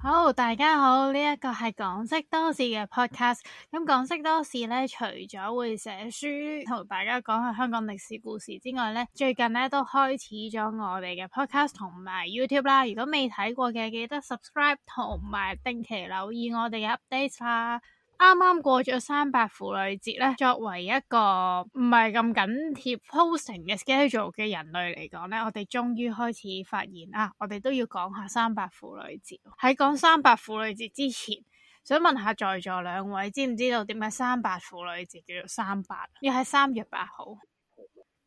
好，大家好，呢一個係港識多史嘅 podcast。咁 Pod 港識多史咧，除咗會寫書同大家講下香港歷史故事之外咧，最近咧都開始咗我哋嘅 podcast 同埋 YouTube 啦。如果未睇過嘅，記得 subscribe 同埋定期留意我哋嘅 update 啦。啱啱過咗三八婦女節咧，作為一個唔係咁緊貼 posting 嘅 schedule 嘅人類嚟講咧，我哋終於開始發現啊，我哋都要講下三八婦女節喺講三八婦女節之前，想問下在座兩位知唔知道點解三八婦女節叫做三八？要喺三月八號，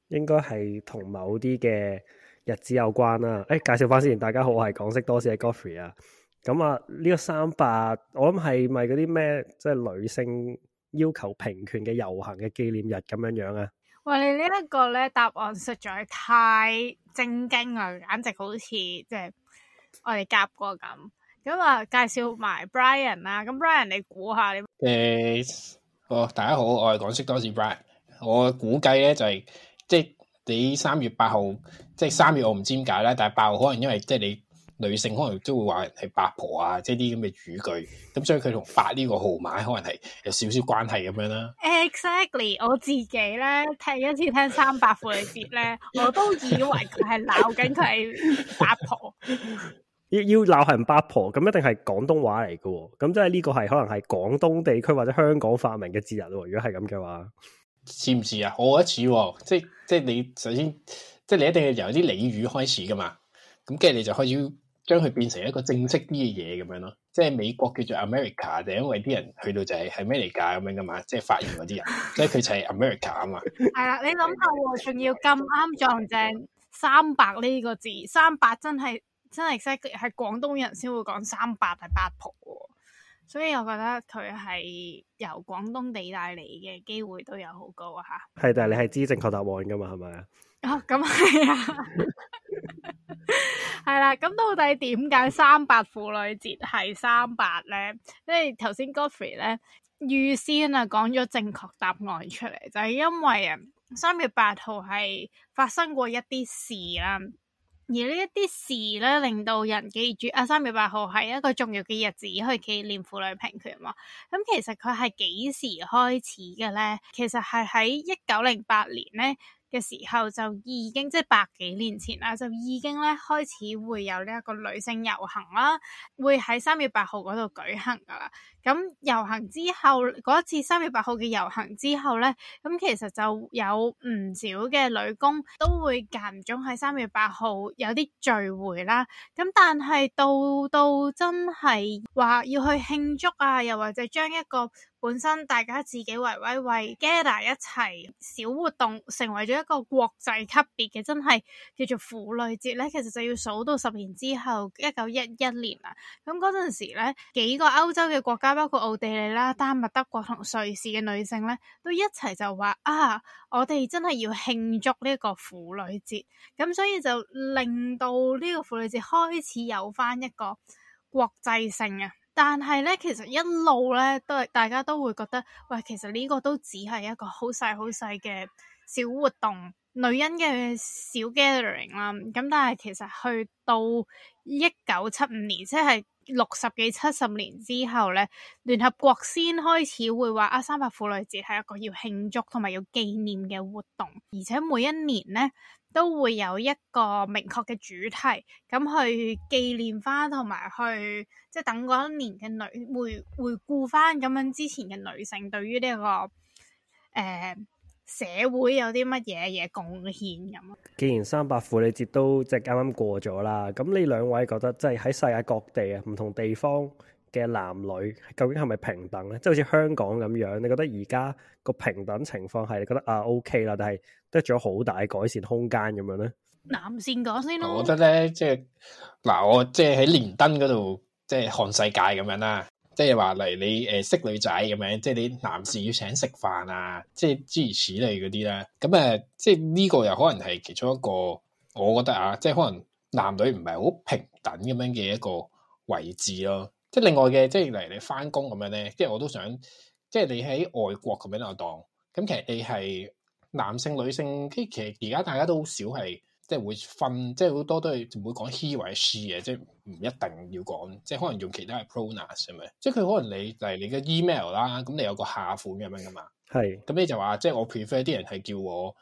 應該係同某啲嘅日子有關啦。誒、哎，介紹翻先，大家好，我係港識多史嘅 Godfrey 啊。咁啊，呢、這個三八，我諗係咪嗰啲咩，即係女性要求平權嘅遊行嘅紀念日咁樣樣啊？哇，你呢一個咧答案實在太正經啊，簡直好似即係我哋夾過咁。咁、嗯、啊，介紹埋 Brian 啊。咁 Brian，你估下你誒、欸？哦，大家好，我係港識多史 Brian。我估計咧就係即係你三月八號，即係三月，月我唔知點解啦，但係八號可能因為即係你。女性可能都會話人係八婆啊，即係啲咁嘅語句，咁所以佢同八呢個號碼可能係有少少關係咁樣啦。Exactly，我自己咧聽一次聽三八婦女節咧，我都以為佢係鬧緊佢係八婆。 要要鬧人八婆咁一定係廣東話嚟嘅喎，咁即係呢個係可能係廣東地區或者香港發明嘅節日喎、啊。如果係咁嘅話，似唔似啊？我一次、哦、即即係你首先即係你一定係由啲俚語開始嘅嘛，咁跟住你就開始。將佢變成一個正式啲嘅嘢，咁樣咯，即係美國叫做 America，就因為啲人去到就係係 America 咁樣噶嘛，即係發現嗰啲人，即係佢就係 America 啊嘛。係啦，你諗下，仲要咁啱撞正三八呢個字，三八真係真係識係廣東人先會講三八係八婆。所以，我覺得佢係由廣東地帶嚟嘅機會都有好高啊！嚇，係，但係你係知正確答案噶嘛？係咪啊？哦， 咁係啊，係啦。咁到底點解三八婦女節係三八咧？因為頭先 Godfrey 咧預先啊講咗正確答案出嚟，就係因為啊三月八號係發生過一啲事啦。而呢一啲事咧，令到人記住啊，三月八號係一個重要嘅日子，去紀念婦女平權。咁其實佢係幾時開始嘅咧？其實係喺一九零八年咧。嘅時候就已經即係百幾年前啦，就已經咧開始會有呢一個女性遊行啦，會喺三月八號嗰度舉行㗎喇。咁遊行之後，嗰次三月八號嘅遊行之後咧，咁其實就有唔少嘅女工都會間唔中喺三月八號有啲聚會啦。咁但係到到真係話要去慶祝啊，又或者將一個本身大家自己為為為 gather 一齊小活動，成為咗一個國際級別嘅，真係叫做婦女節呢,其實就要數到十年之後，一九一一年啦。咁嗰陣時呢，幾個歐洲嘅國家，包括奧地利啦、丹麥、德國同瑞士嘅女性呢，都一齊就話啊，我哋真係要慶祝呢個婦女節。咁所以就令到呢個婦女節開始有返一個國際性啊。但係咧，其實一路咧都係大家都會覺得，喂，其實呢個都只係一個好細好細嘅小活動，女人嘅小 gathering 啦。咁但係其實去到一九七五年，即係六十幾七十年之後咧，聯合國先開始會話啊，三八婦女節係一個要慶祝同埋要紀念嘅活動，而且每一年咧。都會有一個明確嘅主題，咁去紀念翻同埋去即係等嗰一年嘅女會會回回顧翻咁樣之前嘅女性對於呢、這個誒、呃、社會有啲乜嘢嘢貢獻咁。既然三八婦女節都即係啱啱過咗啦，咁呢兩位覺得即係喺世界各地啊唔同地方，嘅男女究竟係咪平等咧？即係好似香港咁樣，你覺得而家個平等情況係你覺得啊 OK 啦，但係都做咗好大改善空間咁樣咧？男士講先咯，我覺得咧，即係嗱，我即係喺連登嗰度，即係看世界咁樣啦。即係話嚟你誒識女仔咁樣，即係你男士要請食飯啊，即係諸如此類嗰啲啦。咁啊，即係呢個又可能係其中一個，我覺得啊，即係可能男女唔係好平等咁樣嘅一個位置咯。即係另外嘅，即係例如你翻工咁樣咧，即係我都想，即係你喺外國咁樣當，咁其實你係男性女性，即係其實而家大家都好少係即係會分，即係好多都係唔會講 he 或者 she 嘅，即係唔一定要講，即係可能用其他嘅 pronouns 咁樣。即係佢可能你嚟你嘅 email 啦，咁你有個下款咁樣噶嘛，係。咁你就話，即係我 prefer 啲人係叫我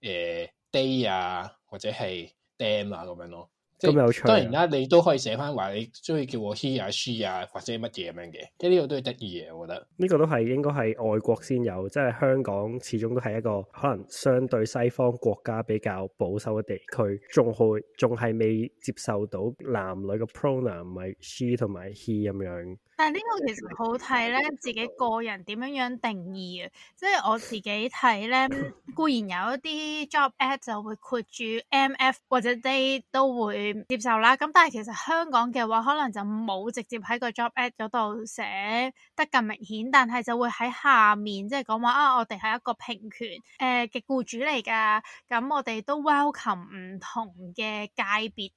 誒 day 啊，或者係 damn 啊咁樣咯。即係當然啦、啊，你都可以寫翻話你中意叫我 he 啊 she 啊或者乜嘢咁樣嘅，即係呢個都係得意嘅，我覺得。呢個都係應該係外國先有，即係香港始終都係一個可能相對西方國家比較保守嘅地區，仲好仲係未接受到男女嘅 pronoun、um、唔係 she 同埋 he 咁樣。但呢個其實好睇咧，自己個人點樣樣定義啊，即係我自己睇咧，固然有一啲 job ad 就會括住 M F 或者 day 都會接受啦。咁但係其實香港嘅話，可能就冇直接喺個 job ad 嗰度寫得咁明顯，但係就會喺下面即係講話啊，我哋係一個平權誒嘅僱主嚟噶，咁我哋都 welcome 唔同嘅界別。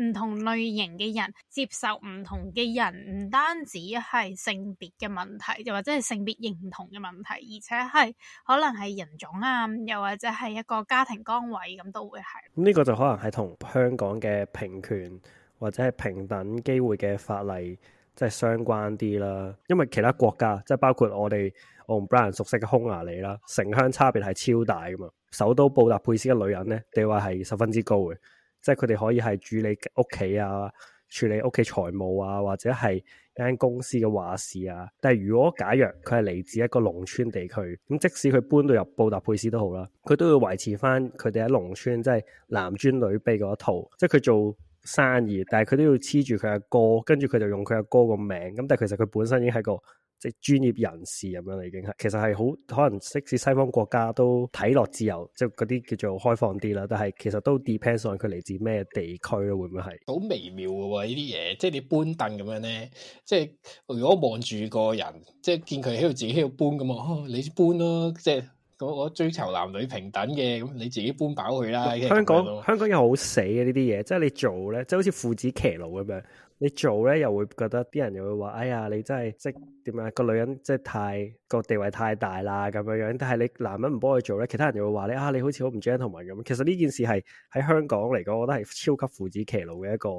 唔同類型嘅人接受唔同嘅人，唔單止係性別嘅問題，又或者係性別認同嘅問題，而且係可能係人種啊，又或者係一個家庭崗位咁都會係。呢、嗯這個就可能係同香港嘅平權或者係平等機會嘅法例即係、就是、相關啲啦。因為其他國家即係、就是、包括我哋我同 Brian 熟悉嘅匈牙利啦，城鄉差別係超大噶嘛首都布達佩斯嘅女人呢，地位係十分之高嘅。即係佢哋可以係處理屋企啊，處理屋企財務啊，或者係間公司嘅話事啊。但係如果假若佢係嚟自一個農村地區，咁即使佢搬到入布達佩斯都好啦，佢都要維持翻佢哋喺農村，即係男尊女卑嗰一套。即係佢做生意，但係佢都要黐住佢阿哥，跟住佢就用佢阿哥個名。咁但係其實佢本身已經係個。即係專業人士咁樣啦，已經係其實係好可能，即使西方國家都睇落自由，即係嗰啲叫做開放啲啦，但係其實都 depends on 佢嚟自咩地區咯，會唔會係？好微妙嘅喎呢啲嘢，即係你搬凳咁樣咧，即係如果望住個人，即係見佢喺度自己喺度搬咁、啊，你搬咯、啊，即係我，我追求男女平等嘅，咁你自己搬飽佢啦。香港香港又好死嘅呢啲嘢，即係你做咧，即係好似父子騎路咁樣。你做咧又會覺得啲人又會話，哎呀你真係即點啊，個女人即太，個地位太大啦咁樣樣。但係你男人唔幫佢做咧，其他人又會話你，啊你好似好唔 gent 同埋咁。其實呢件事係喺香港嚟講，我覺得係超級父子騎驢嘅一個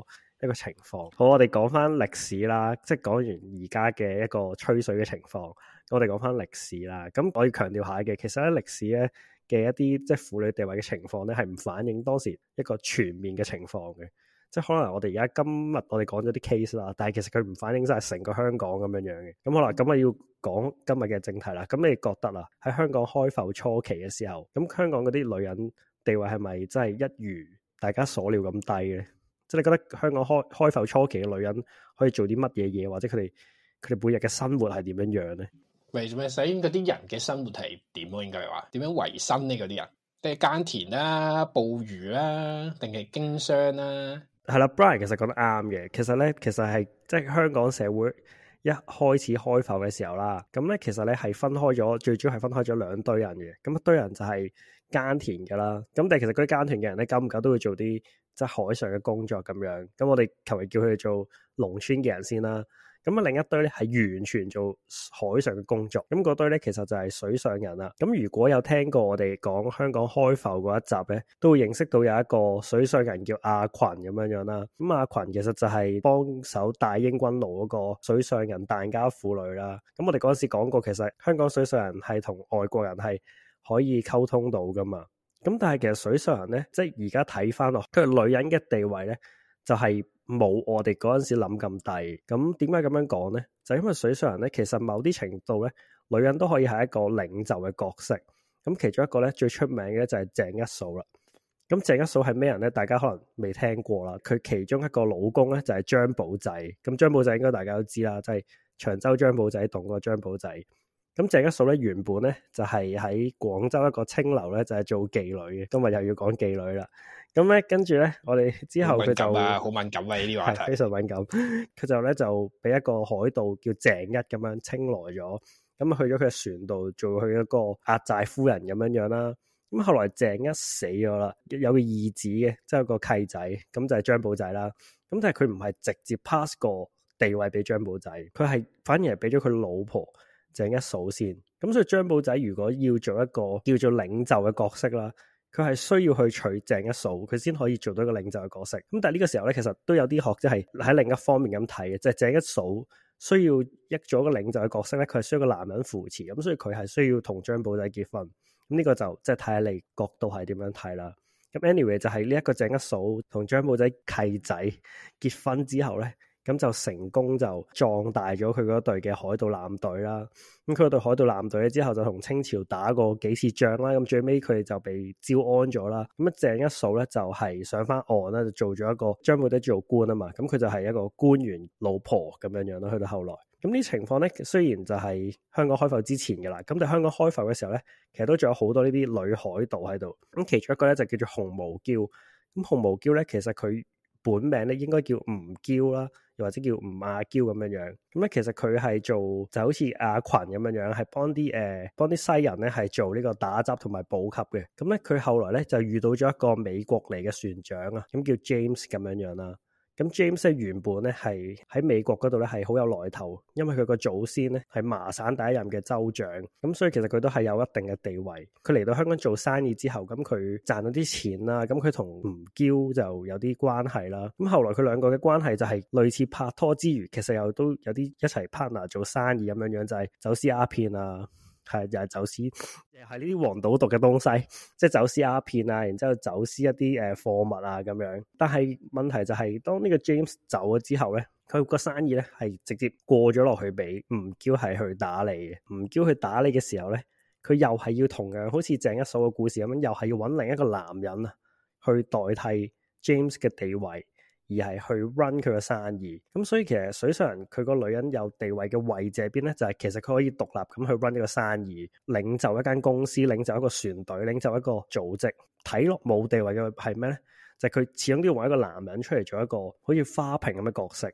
一個情況。好，我哋講翻歷史啦，即講完而家嘅一個吹水嘅情況，我哋講翻歷史啦。咁我要強調下嘅，其實喺歷史咧嘅一啲即婦女地位嘅情況咧，係唔反映當時一個全面嘅情況嘅。即係可能我哋而家今日我哋講咗啲 case 啦，但係其實佢唔反映曬成個香港咁樣樣嘅。咁好啦，咁我要講今日嘅正題啦。咁你覺得啊，喺香港開埠初期嘅時候，咁香港嗰啲女人地位係咪真係一如大家所料咁低咧？即係你覺得香港開開埠初期嘅女人可以做啲乜嘢嘢，或者佢哋佢哋每日嘅生活係點樣樣咧？咪咩？所以嗰啲人嘅生活係點咯？應該係話點樣維生呢？嗰啲人，即係耕田啊、捕魚啊、定係經商啊。係啦，Brian，其實講得啱嘅。其實咧，其實係即係香港社會一開始開埠嘅時候啦。咁咧，其實咧係分開咗，最主要係分開咗兩堆人嘅。咁一堆人就係耕田嘅啦。咁但係其實嗰啲耕田嘅人咧，久唔久都會做啲即係海上嘅工作咁樣。咁我哋求其叫佢做農村嘅人先啦。咁啊，另一堆咧係完全做海上嘅工作，咁嗰堆咧其實就係水上人啦。咁如果有聽過我哋講香港開埠嗰一集咧，都會認識到有一個水上人叫阿群咁樣樣啦。咁阿群其實就係幫手帶英軍路嗰個水上人蜑家婦女啦。咁我哋嗰陣時講過，其實香港水上人係同外國人係可以溝通到㗎嘛。咁但係其實水上人咧，即係而家睇翻落，佢係女人嘅地位咧。就係冇我哋嗰陣時諗咁低，咁點解咁樣講呢？就因為水上人咧，其實某啲程度咧，女人都可以係一個領袖嘅角色。咁其中一個咧最出名嘅就係鄭一嫂啦。咁鄭一嫂係咩人呢？大家可能未聽過啦。佢其中一個老公咧就係張保仔。咁張保仔應該大家都知啦，就係、即係、長洲張保仔同嗰個張保仔。咁鄭一嫂咧原本咧就係喺廣州一個青樓咧就係、是、做妓女嘅，今日又要講妓女啦。咁咧跟住咧，我哋之後佢就好敏感呀呢啲話題，非常敏感。佢就咧就俾一個海盜叫鄭一咁樣清來咗，咁啊去咗佢嘅船度做佢一個壓寨夫人咁樣樣啦。咁後來鄭一死咗啦，有個義子嘅，即係個契仔，咁就係張寶仔啦。咁但係佢唔係直接 pass 個地位俾張寶仔，佢係反而係俾咗佢老婆。鄭一嫂先，咁所以張保仔如果要做一個叫做領袖嘅角色啦，佢係需要去娶鄭一嫂，佢先可以做到一個領袖嘅角色。咁但係呢個時候咧，其實都有啲學者係喺另一方面咁睇嘅，即係鄭一嫂需要一做一個領袖嘅角色咧，佢係需要個男人扶持，咁所以佢係需要同張保仔結婚。咁呢個就即係睇下你角度係點樣睇啦。咁 anyway 就係呢一個鄭一嫂同張保仔契仔結婚之後咧。咁就成功就壯大咗佢嗰隊嘅海盜艦隊啦。咁佢嗰隊海盜艦隊之後就同清朝打過幾次仗啦。咁最尾佢哋就被招安咗啦。咁一鄭一嫂咧就係上翻岸啦，就做咗一個張保德做官啊嘛。咁佢就係一個官員老婆咁樣樣咯。去到後來，咁呢情況咧雖然就係香港開埠之前噶啦，咁但香港開埠嘅時候咧，其實都仲有好多呢啲女海盜喺度。咁其中一個咧就叫做紅毛嬌。咁紅毛嬌咧其實佢本名咧應該叫吳嬌啦。又或者叫吳阿嬌咁樣樣，咁咧其實佢係做就好似阿群咁樣樣，係幫啲誒、幫啲西人咧係做呢個打雜同埋補給嘅，咁咧佢後來咧就遇到咗一個美國嚟嘅船長啊，咁叫 James 咁樣樣啦。咁 James 原本咧，係喺美國嗰度咧，係好有來頭，因為佢個祖先咧，係麻省第一任嘅州長，咁所以其實佢都係有一定嘅地位。佢嚟到香港做生意之後，咁佢賺到啲錢啦，咁佢同吳嬌就有啲關係啦。咁後來佢兩個嘅關係就係類似拍拖之餘，其實又都有啲一齊 partner 做生意咁樣樣，就係走私鴉片啊。係又係走私，又係呢啲黃賭毒嘅東西，即係走私鴉片啊，然之後走私一啲誒貨物啊咁樣。但係問題就係、是，當呢個 James 走咗之後咧，佢個生意咧係直接過咗落去俾吳嬌係去打理嘅。吳嬌去打理嘅時候咧，佢又係要同樣好似鄭一嫂嘅故事咁樣，又係要揾另一個男人啊去代替 James 嘅地位。而係去 run 佢個生意，咁所以其實水上人佢個女人有地位嘅位置喺邊咧，就係、是、其實佢可以獨立咁去 run 呢個生意，領袖一間公司，領袖一個船隊，領袖一個組織，睇落冇地位嘅係咩咧？就係、是、佢始終都要揾一個男人出嚟做一個好似花瓶咁嘅角色，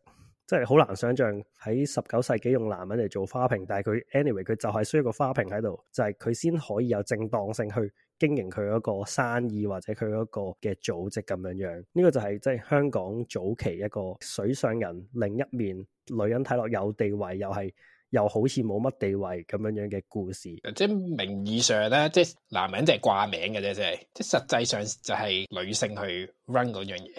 即係好難想象喺十九世紀用男人嚟做花瓶，但係佢 anyway 佢就係需要個花瓶喺度，就係佢先可以有正當性去。經營佢嗰個生意或者佢嗰個嘅組織咁樣樣，呢個就係即係香港早期一個水上人另一面女人睇落有地位，又係又好似冇乜地位咁樣樣嘅故事。即係名義上咧，即係男人就係掛名嘅啫，即係即係實際上就係女性去 run 嗰樣嘢。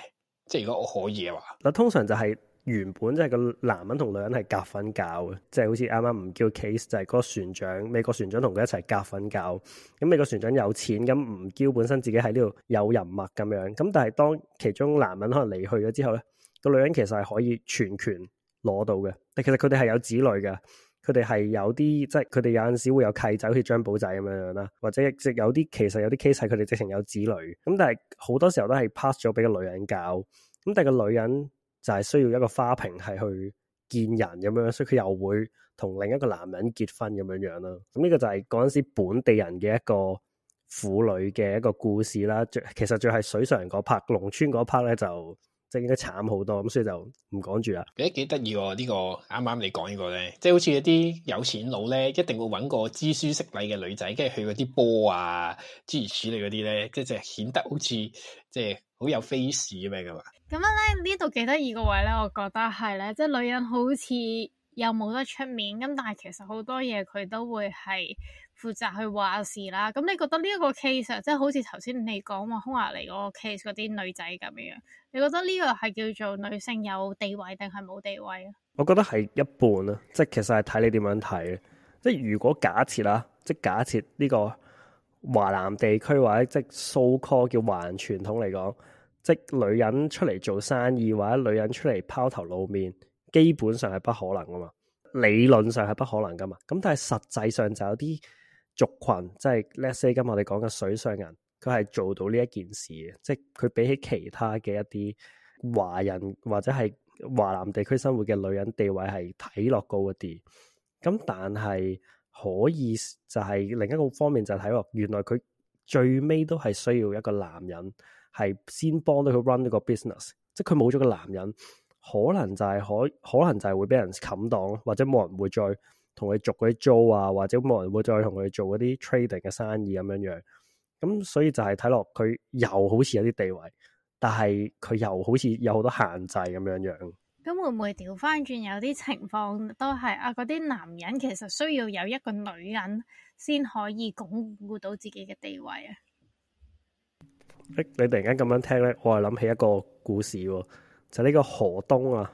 即係如果我可以嘅話，嗱通常就係。原本即係個男人同女人係夾份搞，嘅，即係好似啱啱唔叫 case，就係個船長，美國船長同佢一齊夾份搞，咁、嗯、美國船長有錢，咁、嗯、唔叫本身自己喺呢度有人脈咁樣。咁、嗯、但係當其中男人可能離去咗之後咧，個女人其實係可以全權攞到嘅。但其實佢哋係有子女嘅，佢哋係有啲即係佢哋有陣時會有契仔，好似張寶仔咁樣樣啦，或者即有啲其實有啲 case 佢哋直情有子女。咁、嗯、但係好多時候都係 pass 咗俾個女人搞。咁、嗯、但係個女人。就係需要一個花瓶係去見人咁樣，所以佢又會同另一個男人結婚咁樣樣啦。咁呢個就係嗰陣時本地人嘅一個婦女嘅一個故事啦。其實最係水上嗰 part，a 農村嗰 part 咧就即係應該慘好多，咁所以就唔講住啦。誒，幾得意喎呢個剛剛，啱啱你講呢個咧，即係好似一啲有錢佬咧，一定會搵個知書識禮嘅女仔，跟住去嗰啲波啊、諸如此類嗰啲咧，即係顯得好似即係好有 face 咁樣噶嘛。咁樣咧，呢度幾得意個位咧，我覺得係咧，即係女人好似又冇得出面，咁但係其實好多嘢佢都會係負責去話事啦。咁你覺得呢一個 case 即係好似頭先你講話匈牙利嗰個 case 嗰啲女仔咁樣，你覺得呢個係叫做女性有地位定係冇地位啊？我覺得係一半啦，即係其實係睇你點樣睇。即係如果假設啦，即係假設呢個華南地區或者即係 so call 叫華人傳統嚟講。即女人出嚟做生意或者女人出嚟拋頭露面，基本上係不可能噶嘛，理論上係不可能噶嘛。咁但係實際上就有啲族群，即係 let's say 今日我哋講嘅水上人，佢係做到呢一件事嘅。即係佢比起其他嘅一啲華人或者係華南地區生活嘅女人地位係睇落高一啲。咁但係可以就係、是、另一個方面就睇落，原來佢最尾都係需要一個男人。係先幫到佢 run 呢個 business，即係佢冇咗個男人，可能就係，可可能就係會俾人冚擋，或者冇人會再同佢續嗰啲租啊，或者冇人會再同佢做嗰啲 trading 嘅生意咁樣樣。咁所以就係睇落佢又好似有啲地位，但係佢又好似有好多限制咁樣樣。咁會唔會調翻轉有啲情況都係啊？嗰啲男人其實需要有一個女人先可以鞏固到自己嘅地位啊？你突然間咁樣聽咧，我係諗起一個故事喎，就係呢個何東啊，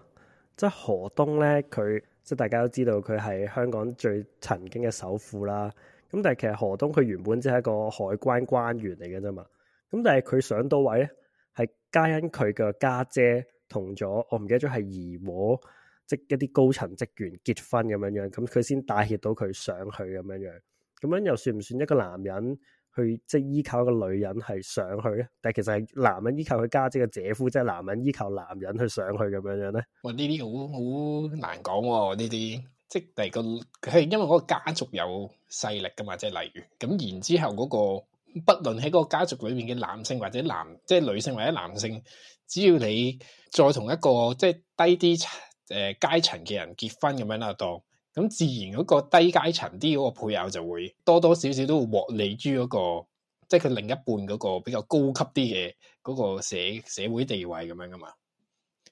即係何東咧，佢即係大家都知道佢係香港最曾經嘅首富啦。咁但係其實何東佢原本只係一個海關關員嚟嘅啫嘛。咁但係佢上到位咧，係皆因佢嘅家姐同咗我唔記得咗係怡和即係一啲高層職員結婚咁樣樣，咁佢先帶挈到佢上去咁樣樣。咁樣又算唔算一個男人？去即係依靠一個女人係上去咧，但係其實係男人依靠佢家姐嘅姐，姐夫，即係男人依靠男人去上去咁樣樣咧。哇！呢啲好好難講喎、哦，呢啲即係、嗰個係因為嗰個家族有勢力噶嘛，即係例如咁然之後嗰、嗰個，不論喺個家族裏面嘅男性或者男，即係女性或者男性，只要你再同一個即係低啲誒階層嘅人結婚咁樣啦都。咁自然嗰個低階層啲嗰個配偶就會多多少少都會獲利於嗰個，即係佢另一半嗰個比較高級啲嘅嗰個社社會地位咁樣噶嘛。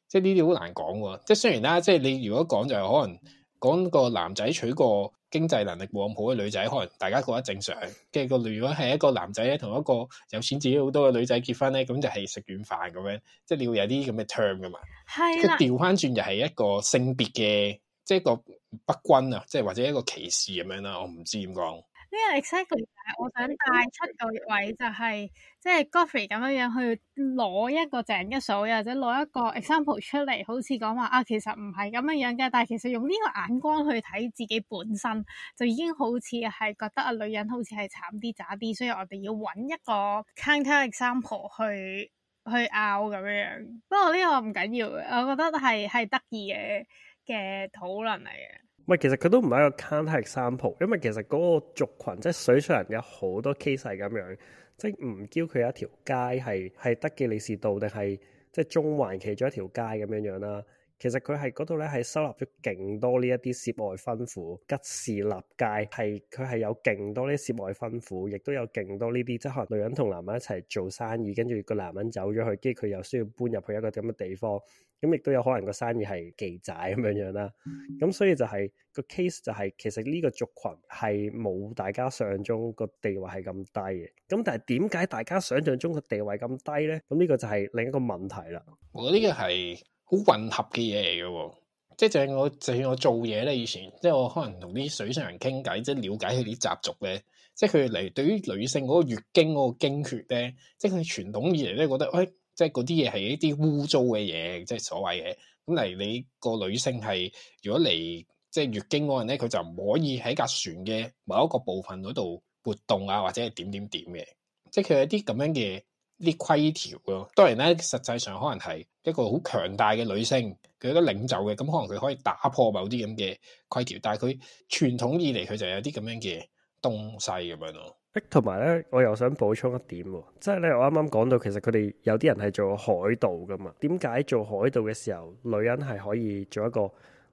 即係呢啲好難講喎。即係雖然啦，即係你如果講就係可能講個男仔娶個經濟能力冇咁好嘅女仔，可能大家覺得正常。即係個如果係一個男仔咧，同一個有錢自己好多嘅女仔結婚咧，咁就係食軟飯咁樣。即係你會有啲咁嘅 term 噶嘛。係啦，佢調翻轉就係一個性別嘅，即係個。不均啊，即係或者一個歧視咁樣啦，我唔知點講。呢個、yeah, exactly 我想帶出個位、就是，就係、是、即係 Godfrey 咁樣樣去攞一個鄭一嫂，又或者攞一個 example 出嚟，好似講話啊，其實唔係咁樣樣嘅。但係其實用呢個眼光去睇自己本身，就已經好似係覺得啊，女人好似係慘啲渣啲，所以我哋要揾一個 counter example 去去拗咁樣。不過呢個唔緊要嘅，我覺得係係得意嘅。嘅討論嚟嘅，唔係其實佢都唔係一個 can’t help sample，因為其實嗰個族群，即係水上人有好多 case 咁樣，即係唔叫佢一條街係係德忌利士道定係即係中環其中一條街咁樣樣啦。其實佢係嗰度咧係收納咗勁多呢一啲涉外婚婦，吉士笠街，係佢係有勁多呢啲涉外婚婦，亦都有勁多呢啲即係可能女人同男人一齊做生意，跟住個男人走咗去，跟住佢又需要搬入去一個咁嘅地方。咁亦都有可能個生意係幾仔咁樣樣啦，咁所以就係、是、個 case 就係、是、其實呢個族群係冇大家想像中個地位係咁低嘅，咁但係點解大家想象中個地位咁低咧？咁呢個就係另一個問題啦。我覺得呢個係好混合嘅嘢嚟嘅，即係就算我就算我做嘢咧，以前即係我可能同啲水上人傾偈，即係了解佢啲習俗咧，即係佢嚟對於女性嗰個月經嗰個經血咧，即係佢傳統以嚟咧覺得，喂、哎。即係嗰啲嘢係一啲污糟嘅嘢，即係所謂嘅。咁嚟你個女性係，如果嚟即係月經嗰陣咧，佢就唔可以喺架船嘅某一個部分嗰度活動啊，或者係點點點嘅。即係佢有啲咁樣嘅啲規條咯。當然咧，實際上可能係一個好強大嘅女性，佢都係領袖嘅，咁可能佢可以打破某啲咁嘅規條。但係佢傳統以嚟，佢就有啲咁樣嘅東西咁樣咯。同埋咧，我又想補充一點啊，即係咧，我啱啱講到，其實佢哋有啲人係做海盜噶嘛？點解做海盜嘅時候，女人係可以做一個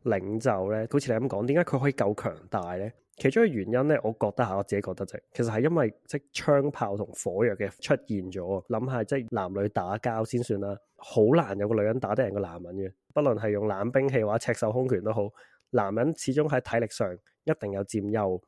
領袖咧？好似你咁講，點解佢可以夠強大咧？其中嘅原因咧，我覺得吓，我自己覺得啫，就是，其實係因為即係槍炮同火藥嘅出現咗，諗下即係男女打交先算啦，好難有個女人打得贏個男人嘅，不論係用冷兵器話，赤手空拳都好，男人始終喺體力上一定有佔優。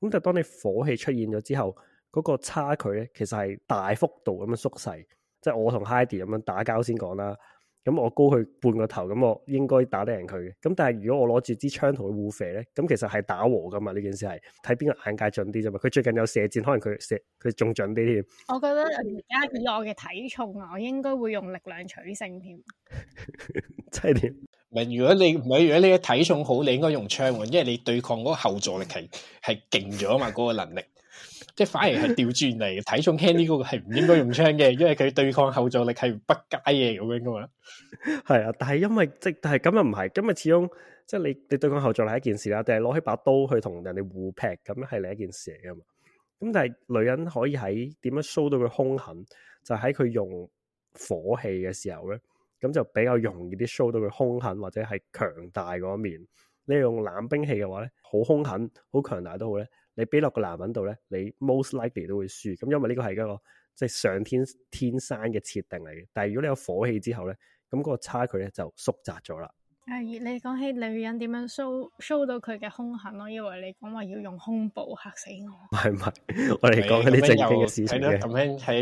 咁但係當你火氣出現咗之後，嗰個差距咧，其實係大幅度咁樣縮細。即係我同 Haidee 咁樣打交先講啦。咁我高佢半個頭，咁我應該打得贏佢。咁但係如果我攞住支槍同佢互射咧，咁其實係打和噶嘛？呢件事係睇邊個眼界準啲啫嘛。佢最近有射箭，可能佢射佢仲準啲添。我覺得而家以我嘅體重啊，我應該會用力量取勝添。即係點。如果你唔係，如果你嘅體重好，你應該用槍喎，因為你對抗嗰個後座力係係勁咗啊嘛，嗰、嗰個能力，即係反而係調轉嚟， 體重 heavy 嗰個係唔應該用槍嘅，因為佢對抗後座力係不佳嘅咁樣噶嘛。係啊， 但係因為即、即係、但係咁又唔係，咁啊始終即係你你對抗後座力係一件事啦，定係攞起把刀去同人哋互劈咁係另一件事嚟噶嘛。咁但係女人可以喺點樣 show 到佢凶狠，就喺、係、佢用火器嘅時候咧。咁就比較容易啲 show 到佢凶狠或者係強大嗰一面。你用冷兵器嘅話咧，好凶狠、好強大都好咧，你俾落個男人度咧，你 most likely 都會輸。咁因為呢個係一個即係、就是、上天天生嘅設定嚟嘅。但係如果你有火器之後咧，咁嗰個差距咧就縮窄咗啦。啊，你講起女人點樣 show show 到佢嘅凶狠咯？以為你講話要用胸部嚇死我。唔係唔係，我哋講緊啲正經嘅事情嘅。係咯，咁樣係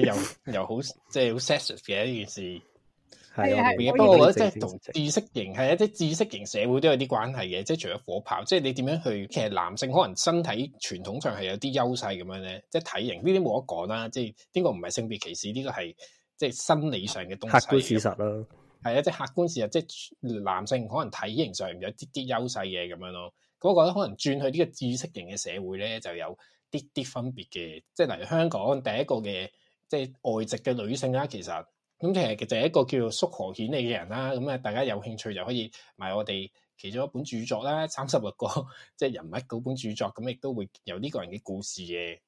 又又好即係好 sexy 嘅一件事。就是係啊，唔同嘅。不過我覺得即係同知識型係一啲知識型社會都有啲關係嘅，即係除咗火炮，即係你點樣去？其實男性可能身體傳統上係有啲優勢咁樣咧，即係體型呢啲冇得講啦。即係呢個唔係性別歧視，呢個係即係心理上嘅東西。客觀事實啦，啊，係啊，即係客觀事實，即係男性可能體型上有啲啲優勢嘅咁樣咯。咁我覺得可能轉去呢個知識型嘅社會咧，就有啲啲分別嘅。即係例如香港第一個嘅即係外籍嘅女性啦，其實。咁其實其實係一個叫做叔何顯理嘅人啦，咁啊大家有興趣就可以買我哋其中一本著作啦，三十六個即係人物嗰本著作，咁亦都會有呢個人嘅故事嘅。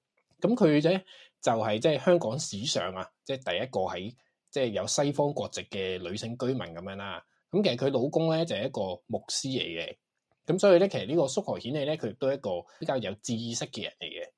咁佢咧就係即係香港史上啊，即係第一個喺即係有西方國籍嘅女性居民咁樣啦。咁其實佢老公咧就係、是、一個牧師嚟嘅，咁所以咧其實呢個叔何顯理咧佢亦都係一個比較有知識嘅人嚟嘅。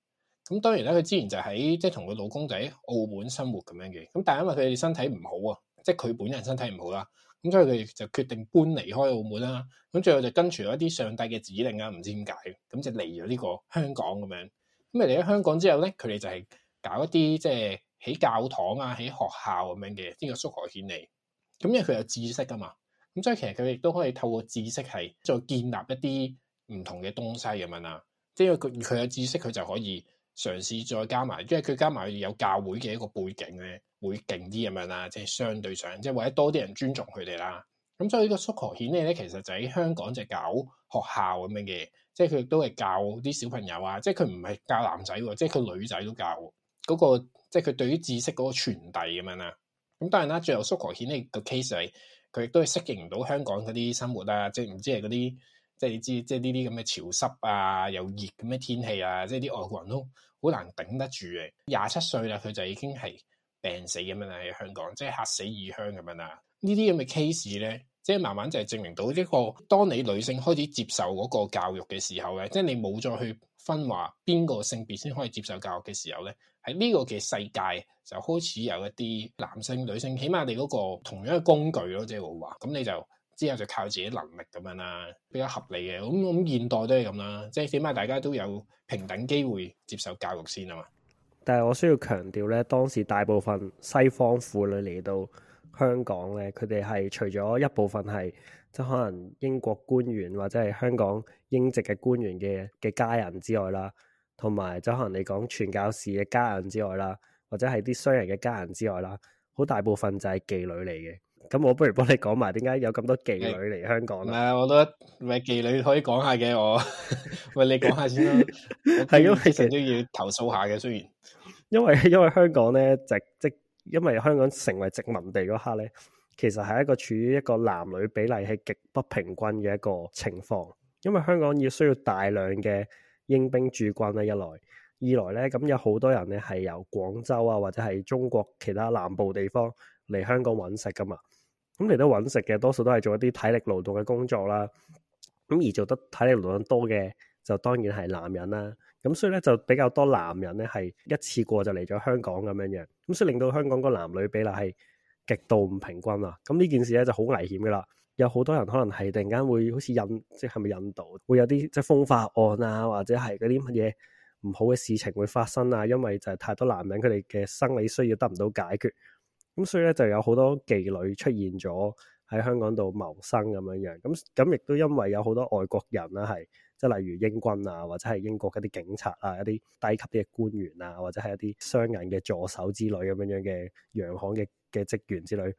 咁當然啦，佢之前就喺即係同佢老公仔澳門生活咁樣嘅。咁但係因為佢哋身體唔好啊，即係佢本人身體唔好啦，咁所以佢哋就決定搬離開澳門啦。咁最後就跟隨一啲上帝嘅指令啊，唔知點解，咁就嚟咗呢個香港咁樣。咁嚟咗香港之後咧，佢哋就係搞一啲即係起教堂啊、起學校咁樣嘅呢個叔何顯理。咁因為佢有知識噶嘛，咁所以其實佢亦都可以透過知識係再建立一啲唔同嘅東西咁樣啊。即係佢佢有知識，佢就可以。嘗試再加埋，即係佢加埋有教會嘅一個背景咧，會勁啲咁樣啦。即係相對上，即係或者多啲人尊重佢哋啦。咁所以呢個蘇荷顯例咧，其實就喺香港就搞學校咁樣嘅，即係佢亦都係教啲小朋友啊。即係佢唔係教男仔，即係佢女仔都教嗰個。即係佢對於知識嗰個傳遞咁樣啦。咁當然啦，最後蘇荷顯例個 case 係佢亦都係適應唔到香港嗰啲生活啊。即係唔知係嗰啲即係你知即係呢啲咁嘅潮濕啊又熱咁嘅天氣啊，即係啲外國人都。好難頂得住嘅，廿七歲啦，佢就已經係病死咁樣啦，喺香港，即係吓死異鄉咁樣啦。呢啲咁嘅 case 咧，即係慢慢就係證明到一個，當你女性開始接受嗰個教育嘅時候咧，即係你冇再去分話邊個性別先可以接受教育嘅時候咧，喺呢個嘅世界就開始有一啲男性、女性，起碼你嗰個同樣嘅工具咯，即係話，咁你就。之後就靠自己能力咁樣啦，比較合理嘅。咁我諗現代都係咁啦，即係點解大家都有平等機會接受教育先啊嘛？但係我需要強調咧，當時大部分西方婦女嚟到香港咧，佢哋係除咗一部分係即可能英國官員或者係香港英籍嘅官員嘅嘅家人之外啦，同埋即可能你講傳教士嘅家人之外啦，或者係啲商人嘅家人之外啦，好大部分就係妓女嚟嘅。咁我不如幫你講埋，點解有咁多妓女嚟香港咧、欸？我啊，覺得咩妓女可以講下嘅。我， 喂，你講下先啦。係因為成日都要投訴下嘅，雖然因為因為香港咧、就是，即即因為香港成為殖民地嗰刻咧，其實係一個處於一個男女比例係極不平均嘅一個情況。因為香港要需要大量嘅英兵駐軍咧，一來二來咧，咁有好多人咧係由廣州啊，或者係中國其他南部地方嚟香港揾食噶嘛。咁嚟到揾食嘅多數都係做一啲體力勞動嘅工作啦，咁而做得體力勞動的多嘅就當然係男人啦。咁所以咧就比較多男人咧係一次過就嚟咗香港咁樣樣，咁所以令到香港個男女比例係極度唔平均啊。咁呢件事咧就好危險㗎啦，有好多人可能係突然間會好似引即係咪引導，會有啲即係風化案啊，或者係嗰啲乜嘢唔好嘅事情會發生啊，因為就係太多男人佢哋嘅生理需要得唔到解決。咁所以咧就有好多妓女出現咗喺香港度謀生咁樣樣，咁咁亦都因為有好多外國人啦，係即係例如英軍啊，或者係英國一啲警察啊，一啲低級啲嘅官員啊，或者係一啲商人嘅助手之類咁樣樣嘅洋行嘅嘅職員之類。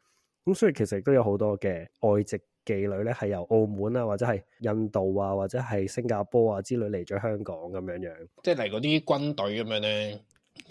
咁所以其實亦都有好多嘅外籍妓女咧，係由澳門啊，或者係印度啊，或者係新加坡啊之類嚟咗香港咁樣樣。即係嚟嗰啲軍隊咁樣咧。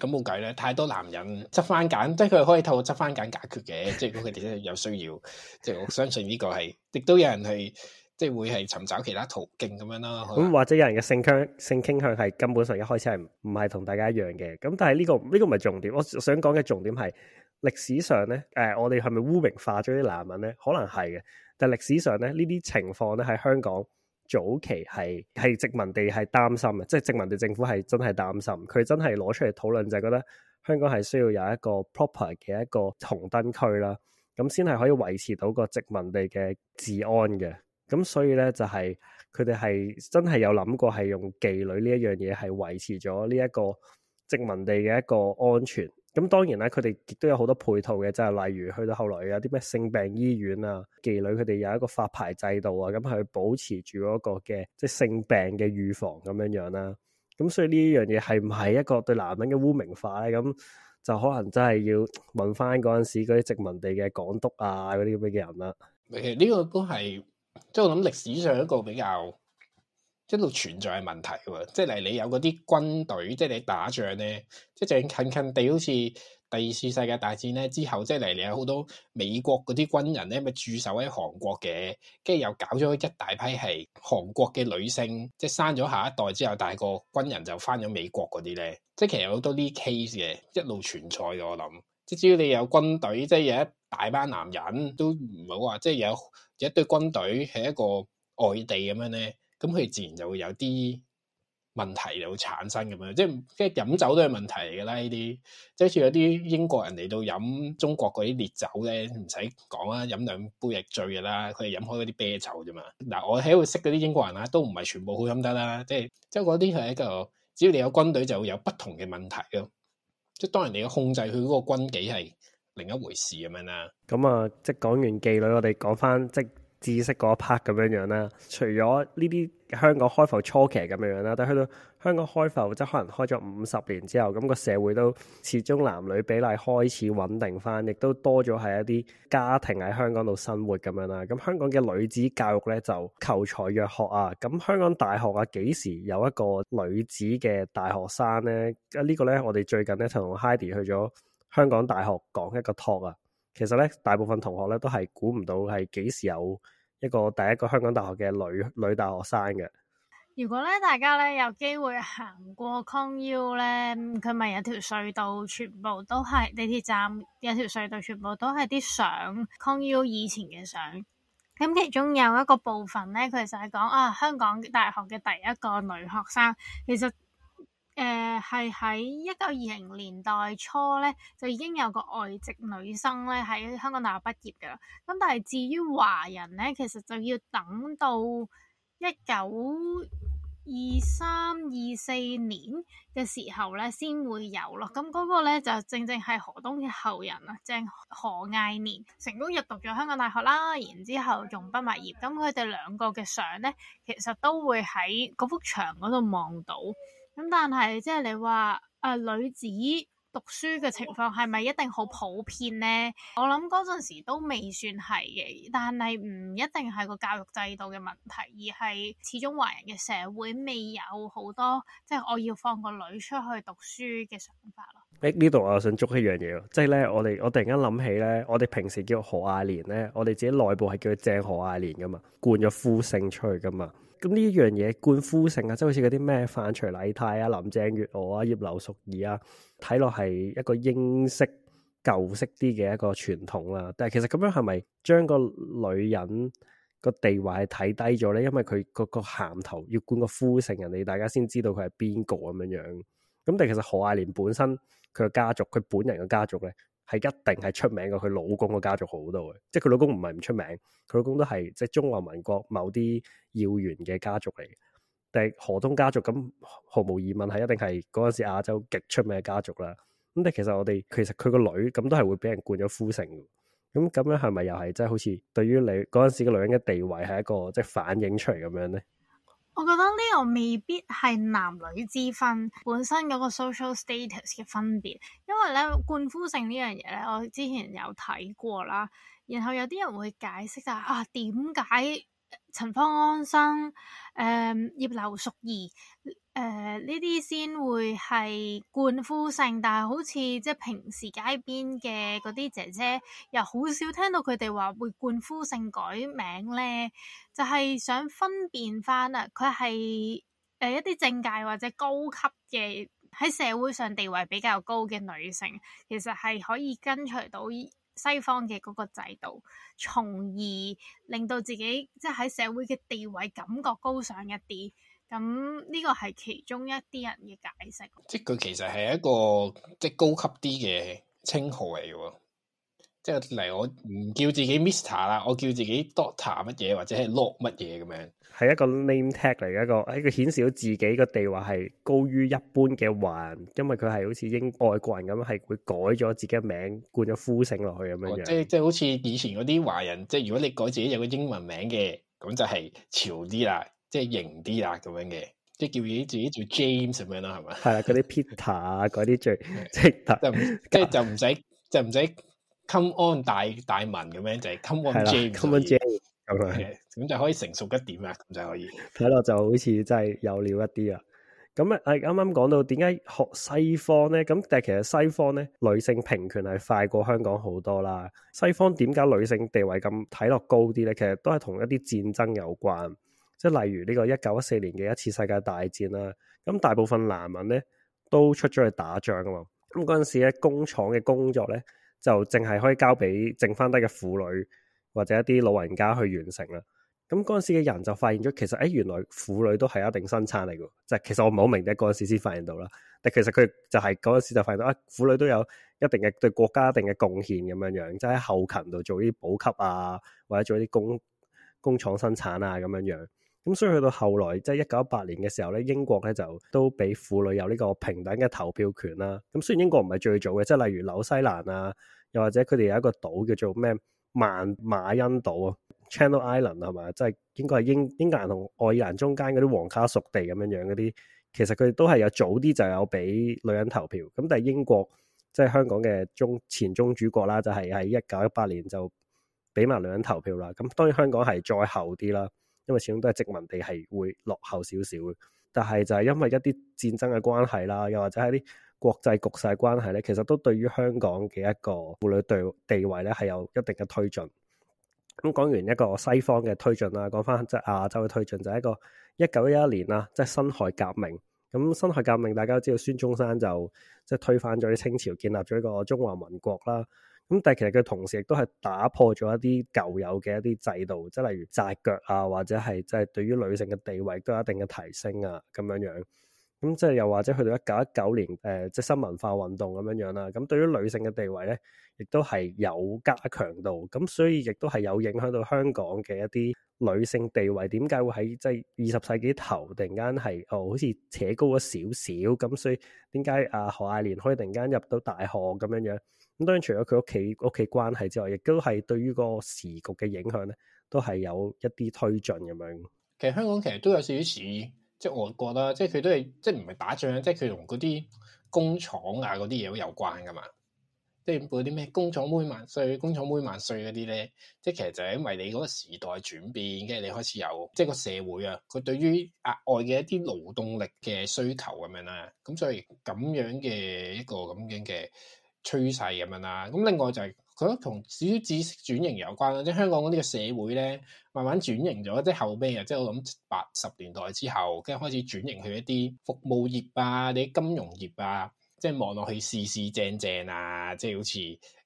咁冇計咧，太多男人執番簡，即係佢可以透過執番簡解決嘅。即係如果佢哋真係有需要，即係 我相信呢個係亦都有人係即係會係尋找其他途徑咁樣啦。咁 或者有人嘅性傾性傾向係根本上一開始係唔係同大家一樣嘅。咁但係呢、呢個呢、呢個唔係重點，我想講嘅重點係歷史上咧，誒、呃、我哋係咪污名化咗啲男人咧？可能係嘅，但係歷史上咧呢啲情況咧喺香港。早期係係殖民地係擔心嘅，即係殖民地政府係真係擔心，佢真係攞出嚟討論就係覺得香港係需要有一個 proper 嘅一個紅燈區啦，咁先係可以維持到個殖民地嘅治安嘅，咁所以咧就係佢哋係真係有諗過係用妓女呢一樣嘢係維持咗呢一個殖民地嘅一個安全。咁當然啦，佢哋亦都有好多配套嘅，就係例如去到後來有啲咩性病醫院啊、妓女，佢哋有一個發牌制度啊，咁、嗯、去保持住嗰個嘅即係性病嘅預防咁樣樣啦。咁、嗯、所以呢樣嘢係唔係一個對男人嘅污名化咧？咁、嗯、就可能真係要問翻嗰陣時嗰啲殖民地嘅港督啊，嗰啲咁樣嘅人啦。其實呢個都係即係我諗歷史上一個比較，一路存在嘅問題喎，即係嚟你有嗰啲軍隊，即係你打仗咧，即係最近近地好似第二次世界大戰咧之後，即係嚟你有好多美國嗰啲軍人咧，咪駐守喺韓國嘅，跟住又搞咗一大批係韓國嘅女性，即係生咗下一代之後，但係個軍人就返咗美國嗰啲咧，即係其實有好多呢啲 case 嘅一路存在嘅，我諗即係只要你有軍隊，即係有一大班男人都唔好話，即係有有一堆軍隊喺一個外地咁樣咧。咁佢自然就會有啲問題就會產生咁樣，即係即係飲酒都係問題嚟噶啦呢啲，即係好似有啲英國人嚟到飲中國嗰啲烈酒咧，唔使講啦，飲兩杯亦醉嘅啦。佢哋飲開嗰啲啤酒啫嘛。嗱，我喺度識嗰啲英國人啦，都唔係全部好飲得啦。即係即係嗰啲係一個，只要你有軍隊就會有不同嘅問題咯。即係當然你要控制佢嗰個軍紀係另一回事咁樣啦。咁啊，即係講完妓女，我哋講翻即知識嗰一 part 咁樣樣啦，除咗呢啲香港開埠初期咁樣樣啦，但係去到香港開埠即係可能開咗五十年之後，咁、嗰個社會都始終男女比例開始穩定返，亦都多咗係一啲家庭喺香港度生活咁樣啦。咁香港嘅女子教育咧就求才若學啊，咁香港大學啊幾時有一個女子嘅大學生咧？啊、呢個、呢個咧我哋最近咧就同 Haidee 去咗香港大學講一個 talk 啊。其實咧，大部分同學咧都係估唔到係幾時有一個第一個香港大學嘅女女大學生嘅。如果咧大家咧有機會行過 Con U 咧，佢咪有條隧道，全部都係地鐵站有條隧道，全部都係啲相。Con U 以前嘅相，咁其中有一個部分咧，佢就係講啊，香港大學嘅第一個女學生，其實。誒係喺一九二零年代初咧，就已經有個外籍女生咧喺香港大學畢業嘅啦。咁但係至於華人咧，其實就要等到一九二三、二四年嘅時候咧，先會有咯。咁嗰個咧就正正係何東嘅後人啊，鄭何艾年成功入讀咗香港大學啦，然之後仲畢業。咁佢哋兩個嘅相咧，其實都會喺幅牆嗰度望到。咁但係即係你話誒、呃、女子讀書嘅情況係咪一定好普遍咧？我諗嗰陣時都未算係嘅，但係唔一定係個教育制度嘅問題，而係始終華人嘅社會未有好多即係、就是、我要放個女出去讀書嘅想法咯。誒呢度我想捉一樣嘢即係咧，我哋我突然間諗起咧，我哋平時叫何亞蓮咧，我哋自己內部係叫佢鄭何亞蓮噶嘛，冠咗夫姓出去噶嘛。咁呢樣嘢冠夫姓啊，即係好似嗰啲咩范徐麗泰啊、林鄭月娥啊、葉劉淑儀啊，睇落係一個英式舊式啲嘅一個傳統啦。但係其實咁樣係咪將個女人個地位係睇低咗咧？因為佢個個銜頭要冠個夫姓，人哋大家先知道佢係邊個咁樣樣。咁但係其實何愛蓮本身佢嘅家族，佢本人嘅家族咧。係一定係出名嘅，佢老公嘅家族好多嘅，即係佢老公唔係唔出名，佢老公都係即係中華民國某啲要員嘅家族嚟嘅。但係何東家族咁，毫無疑問係一定係嗰陣時亞洲極出名嘅家族啦。咁但其實我哋其實佢個女咁都係會俾人冠咗夫姓。咁咁樣係咪又係即係好似對於你嗰陣時個女人嘅地位係一個即係、就是、反映出嚟咁樣咧？我覺得呢個未必係男女之分本身有個 social status 嘅分別，因為呢，冠夫姓這呢樣嘢咧，我之前有睇過啦，然後有啲人會解釋就係啊點解？陳方安生，誒、呃，葉劉淑儀，誒、呃，呢啲先會係冠夫姓，但係好似即係平時街邊嘅嗰啲姐姐，又好少聽到佢哋話會冠夫姓改名咧，就係、是、想分辨翻啦，佢係誒一啲政界或者高級嘅喺社會上地位比較高嘅女性，其實係可以跟隨到，西方嘅嗰個制度，從而令到自己即係喺社會嘅地位感覺高尚一啲。咁呢個係其中一啲人嘅解釋。即係佢其實係一個即係高級啲嘅稱號嚟嘅喎。即係嚟，我唔叫自己 Mister 啦，我叫自己 Doctor 乜嘢，或者係 Lord 乜嘢咁樣。係一個 name tag 嚟嘅一個，誒，佢顯示到自己個地位係高於一般嘅華人，因為佢係好似英國外國人咁，係會改咗自己嘅名，冠咗呼姓落去咁樣，哦。即係即係好似以前嗰啲華人，即係如果你改自己有個英文名嘅，咁就係潮啲啦，即係型啲啦咁樣嘅，即係叫自己做 James 咁樣啦，係嘛？係啦， 嗰啲 Peter 啊，嗰啲最即係即係就唔使，就唔使。 就 come on 大大文咁樣就係 come on Jane，come on Jane 咁啊，咁就可以成熟一點啊，咁就可以睇落 就好似真係有料一啲啊。咁啊，誒啱啱講到點解學西方咧？咁但係其實西方咧，女性平權係快過香港好多啦。西方點解女性地位咁睇落高啲咧？其實都係同一啲戰爭有關，即係例如呢個一九一四年嘅一次世界大戰啦。咁大部分男人咧都出咗去打仗啊嘛。咁嗰陣時咧，工廠嘅工作咧。就淨係可以交俾剩翻低嘅婦女或者一啲老人家去完成啦。咁嗰陣時嘅人就發現咗，其實誒、欸、原來婦女都係一定生產嚟嘅，即、就、係、是、其實我唔係好明啫。嗰陣時先發現到啦，但其實佢就係嗰陣時就發現到啊，婦女都有一定嘅對國家一定嘅貢獻咁樣樣，即係喺後勤度做啲補給啊，或者做啲工工廠生產啊咁樣樣。咁所以去到後來，即係一九一八年嘅時候咧，英國咧就都俾婦女有呢個平等嘅投票權啦。咁雖然英國唔係最早嘅，即係例如紐西蘭啊，又或者佢哋有一個島叫做咩萬馬，馬恩島啊，Channel Island 係嘛，即係應該係英英格蘭同愛爾蘭中間嗰啲皇卡屬地咁樣樣嗰啲，其實佢哋都係有早啲就有俾女人投票。咁但係英國即係香港嘅中前宗主國啦，就係喺一九一八年就俾埋女人投票啦。咁當然香港係再後啲啦。因為始終都係殖民地係會落後少少嘅，但係就係因為一啲戰爭嘅關係啦，又或者係啲國際局勢關係咧，其實都對於香港嘅一個婦女嘅地位咧，係有一定嘅推進。咁、嗯、講完一個西方嘅推進啦，講翻即係亞洲嘅推進就係、是、一個一九一一年啦，即係辛亥革命。咁辛亥革命大家都知道孫中山就即係、就是、推翻咗啲清朝，建立咗一個中華民國啦。咁但係其實佢同時亦都係打破咗一啲舊有嘅一啲制度，即係例如紮腳啊，或者係即係對於女性嘅地位都有一定嘅提升啊，咁樣樣。咁即係又或者去到一九一九年，誒，即係新文化運動咁樣樣啦。咁對於女性嘅地位咧，亦都係有加強度。咁所以亦都係有影響到香港嘅一啲女性地位。點解會喺即係二十世紀頭突然間係哦，好似扯高咗少少？咁所以點解阿何艾蓮可以突然間入到大學咁樣樣？咁當然除咗佢屋企屋企關係之外，亦都係對於個時局嘅影響咧，都係有一啲推進咁樣。其實香港其實都有少少似即係外國啦，即係佢都係即係唔係打仗，即係佢同嗰啲工廠啊嗰啲嘢都有關噶嘛。即係啲咩工廠妹萬歲、工廠妹萬歲嗰啲咧，即係其實就係因為你嗰個時代轉變，跟住你開始有即係個社會啊，佢對於額外嘅一啲勞動力嘅需求咁樣啦。咁所以咁樣嘅一個咁樣嘅。趨勢咁樣啦，咁另外就係佢都同少知識轉型有關啦。即係香港呢個社會咧，慢慢轉型咗，即係後尾啊，即係我諗八十年代之後，跟住開始轉型去一啲服務業啊，啲金融業啊，即係望落去四四正正啊，即係好似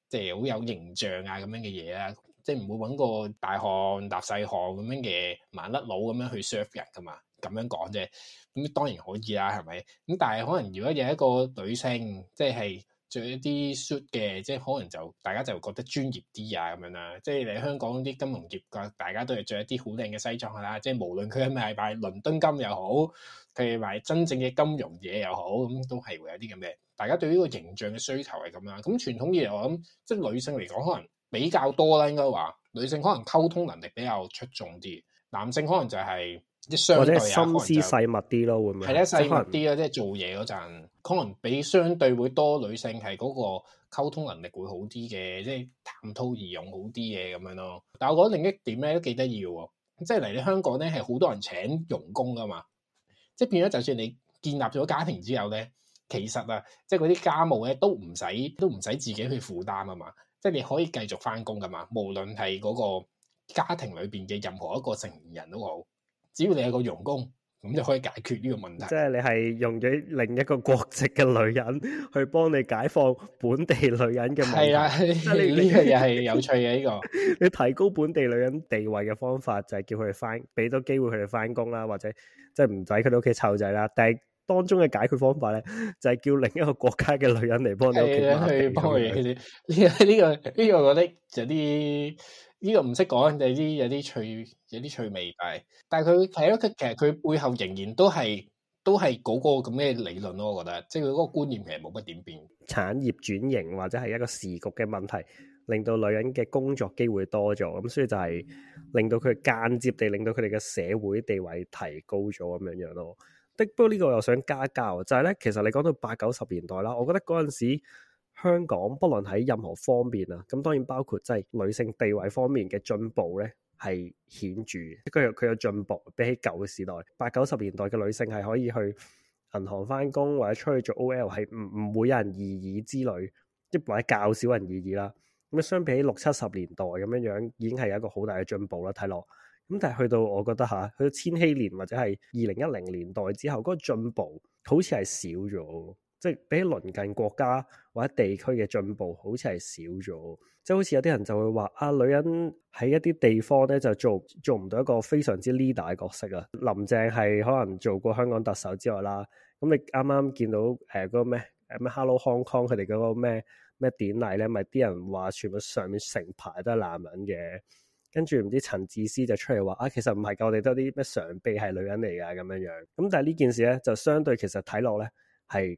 即係好有形象啊，咁樣嘅嘢啊，即係唔會搵個大汗搭細汗咁樣嘅萬甩佬咁樣去 serve 人噶嘛。咁樣講啫，咁當然可以啦，係咪？咁但係可能如果有一個女性，即係。著一啲 suit 嘅，即係可能就大家就會覺得專業啲啊，咁樣啦。即係你香港啲金融業嘅，大家都係着一啲好靚嘅西裝㗎啦。即係無論佢係咪係買，倫敦金又好，譬如買真正嘅金融嘢又好，咁、嗯、都係會有啲咁嘅。大家對於個形象嘅需求係咁樣，咁、嗯、傳統嘢我諗，即係女性嚟講可能比較多啦。應該話女性可能溝通能力比較出眾啲，男性可能就係、是。即或心思細密啲咯，會唔會？係咧，細密啲啦。即係做嘢嗰陣，可能比相對會多女性係嗰個溝通能力會好啲嘅，即係談吐而用好啲嘅咁樣咯。但係我覺得另一點咧都幾得意喎，即係嚟你香港咧係好多人請傭工噶嘛，即係變咗就算你建立咗家庭之後咧，其實啊，即係嗰啲家務咧都唔使都唔使自己去負擔啊嘛，即係你可以繼續翻工噶嘛，無論係嗰個家庭裏邊嘅任何一個成年人都好。只要你有個傭工，咁就可以解決呢個問題。即係你係用咗另一個國籍嘅女人去幫你解放本地女人嘅問題。係啊的，即呢個嘢係有趣嘅呢、 這個。你提高本地女人地位嘅方法就係叫佢哋返，俾多機會佢哋返工啦，或者即係唔使佢哋屋企湊仔啦。但係當中嘅解決方法咧，就係、是、叫另一個國家嘅女人嚟幫你的。屋企。去幫佢哋。呢個呢個，這個這個、我覺得就啲。呢個唔識講，你係啲有啲趣，有啲趣味，但係，但係佢睇咯，佢其實佢背後仍然都係都係嗰個咁嘅理論咯，我覺得，即係佢嗰個觀念其實冇乜點變。產業轉型或者係一個時局嘅問題，令到女人嘅工作機會多咗，咁所以就係令到佢間接地令到佢哋嘅社會地位提高咗咁樣樣咯。的不過呢個我又想加教，就係、是、咧，其實你講到八九十年代啦，我覺得嗰陣時。香港不論喺任何方面啊，咁當然包括即係女性地位方面嘅進步咧，係顯著嘅。佢有佢有進步，比起舊時代，八九十年代嘅女性係可以去銀行翻工或者出去做 OL，係唔唔會有人異議之類，即或者較少人異議啦。咁啊，相比起六七十年代咁樣樣，已經係有一個好大嘅進步啦。睇落咁，但係去到我覺得吓，去到千禧年或者係二零一零年代之後，嗰個進步好似係少咗。即係比起鄰近國家或者地區嘅進步，好似係少咗。即係好似有啲人就會話啊，女人喺一啲地方咧就做做唔到一個非常之 leader 嘅角色啊。林鄭係可能做過香港特首之外啦，咁你啱啱見到誒嗰、呃嗰個咩誒咩 Hello Hong Kong 佢哋嗰個咩咩典禮咧，咪、就、啲、是、人話全部上面成排都係男人嘅，跟住唔知陳智思就出嚟話啊，其實唔係夠，我哋多啲咩常秘係女人嚟㗎咁樣樣。咁但係呢件事咧就相對其實睇落咧係。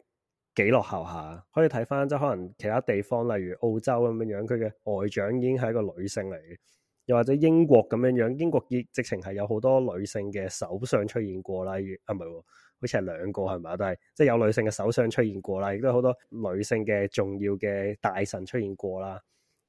幾落後下，可以睇翻，即係可能其他地方，例如澳洲咁樣樣，佢嘅外長已經係一個女性嚟嘅，又或者英國咁樣樣，英國亦直情係有好多女性嘅首相出現過啦。啊，唔係，好似係兩個，係咪，但係即係有女性嘅首相出現過啦，亦都好多女性嘅重要嘅大臣出現過啦。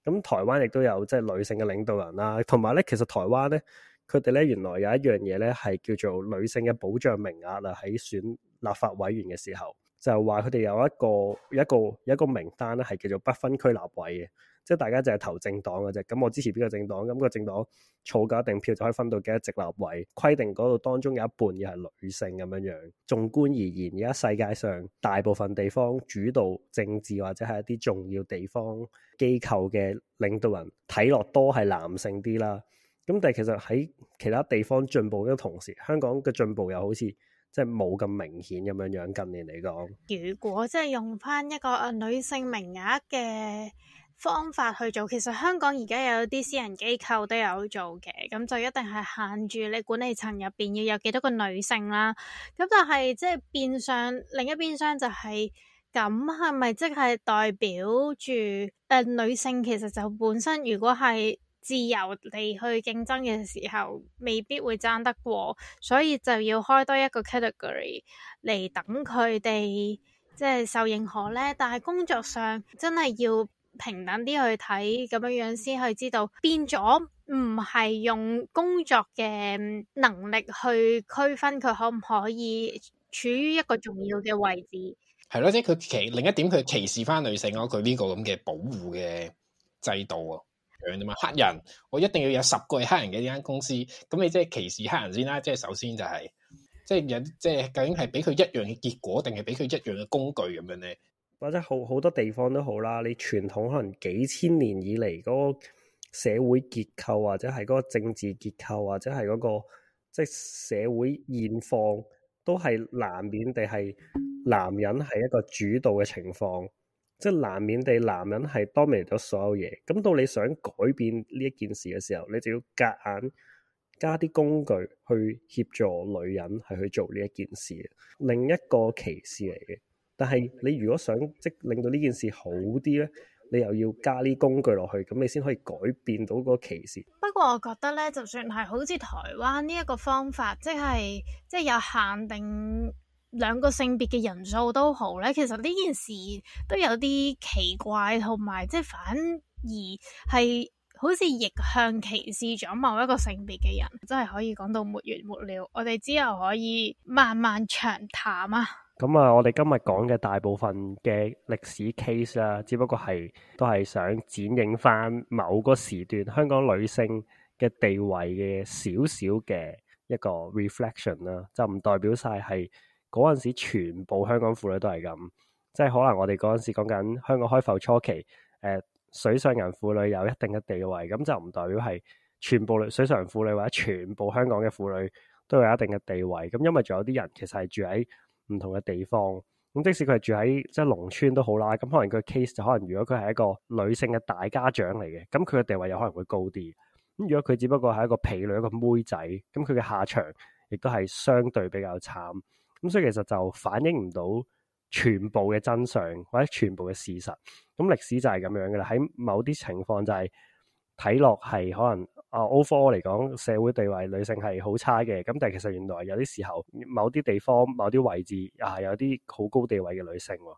咁台灣亦都有即係、就是、女性嘅領導人啦，同埋咧，其實台灣咧，佢哋咧原來有一樣嘢咧，係叫做女性嘅保障名額啦。喺選立法委員嘅時候。就係話佢哋有一個有一個有一個名單咧，係叫做不分區立委嘅，即係大家就係投政黨嘅啫。咁我支持邊個政黨，咁個政黨儲夠一定票就可以分到幾多直立委。規定嗰度當中有一半要係女性咁樣樣。縱觀而言，而家世界上大部分地方主導政治或者係一啲重要地方機構嘅領導人睇落多係男性啲啦。咁但係其實喺其他地方進步嘅同時，香港嘅進步又好似。即係冇咁明顯咁樣樣。近年嚟講，如果即係用翻一個、呃、女性名額嘅方法去做，其實香港而家有啲私人機構都有做嘅，咁就一定係限住你管理層入邊要有幾多個女性啦。咁就係即係變相，另一邊廂就係咁係咪即係代表住誒、呃、女性其實就本身如果係。自由地去競爭嘅時候，未必會爭得過，所以就要開多一個 category 嚟，等佢哋即係受認可咧。但係工作上真係要平等啲去睇，咁樣樣先去知道變咗唔係用工作嘅能力去區分佢可唔可以處於一個重要嘅位置。係咯，即係佢歧另一點，佢歧視翻女性咯。佢呢個咁嘅保護嘅制度啊。黑人我一定要有十個係黑人嘅呢間公司，咁你即係歧視黑人先啦，即係首先就係、是，即係有即係究竟係俾佢一樣嘅結果，定係俾佢一樣嘅工具咁樣咧？或者好好多地方都好啦，你傳統可能幾千年以嚟嗰、那個社會結構，或者係嗰個政治結構，或者係嗰、那個即係社會現況，都係難免地係男人係一個主導嘅情況。即係難免地，男人係多未到所有嘢。咁到你想改變呢一件事嘅時候，你就要夾硬加啲工具去協助女人係去做呢一件事。另一個歧視嚟嘅。但係你如果想即令到呢件事好啲咧，你又要加啲工具落去，咁你先可以改變到嗰個歧視。不過我覺得咧，就算係好似台灣呢一個方法，即係即係有限定。兩個性別嘅人數都好咧，其實呢件事都有啲奇怪，同埋即係反而係好似逆向歧視咗某一個性別嘅人，真係可以講到沒完沒了。我哋之後可以慢慢長談啊。咁啊，我哋今日講嘅大部分嘅歷史 case 啦，只不過係都係想展映翻某個時段香港女性嘅地位嘅少少嘅一個 reflection 啦，就唔代表晒係。嗰陣時，全部香港婦女都係咁，即係可能我哋嗰陣時講緊香港開埠初期，誒、呃、水上人婦女有一定嘅地位，咁就唔代表係全部女水上人婦女或者全部香港嘅婦女都有一定嘅地位。咁因為仲有啲人其實係住喺唔同嘅地方，咁即使佢係住喺即係農村都好啦，咁可能佢 case 就可能，如果佢係一個女性嘅大家長嚟嘅，咁佢嘅地位有可能會高啲。咁如果佢只不過係一個婢女、一個妹仔，咁佢嘅下場亦都係相對比較慘。咁所以其實就反映唔到全部嘅真相或者全部嘅事實，咁歷史就係咁樣噶啦。喺某啲情況就係睇落係可能啊歐 r 嚟講社會地位女性係好差嘅，咁但係其實原來有啲時候某啲地方某啲位置啊有啲好高地位嘅女性，哦，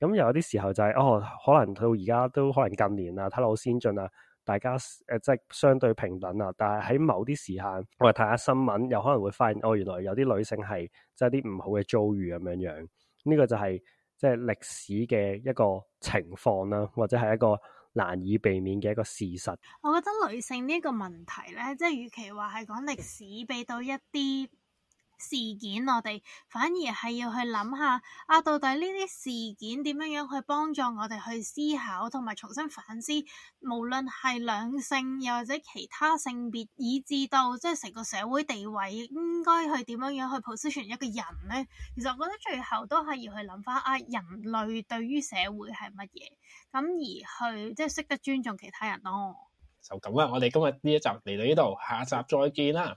咁又有啲時候就係、是、哦可能到而家都可能近年啊睇落好先進啊。大家誒、呃，即係相對平等啦，但係喺某啲時間，我哋睇下新聞，又可能會發現，哦，原來有啲女性係即係啲唔好嘅遭遇咁樣樣。呢、這個就係、是、即係歷史嘅一個情況啦，或者係一個難以避免嘅一個事實。我覺得女性呢個問題咧，即係與其話係講歷史，俾到一啲。事件我，我哋反而係要去諗下啊，到底呢啲事件點樣樣去幫助我哋去思考同埋重新反思，無論係兩性又或者其他性別，以至到即係成個社會地位應該去點樣樣去 position 一個人咧。其實我覺得最後都係要去諗翻啊，人類對於社會係乜嘢咁，而去即係識得尊重其他人咯。就咁啦，我哋今日呢一集嚟到呢度，下集再見啦。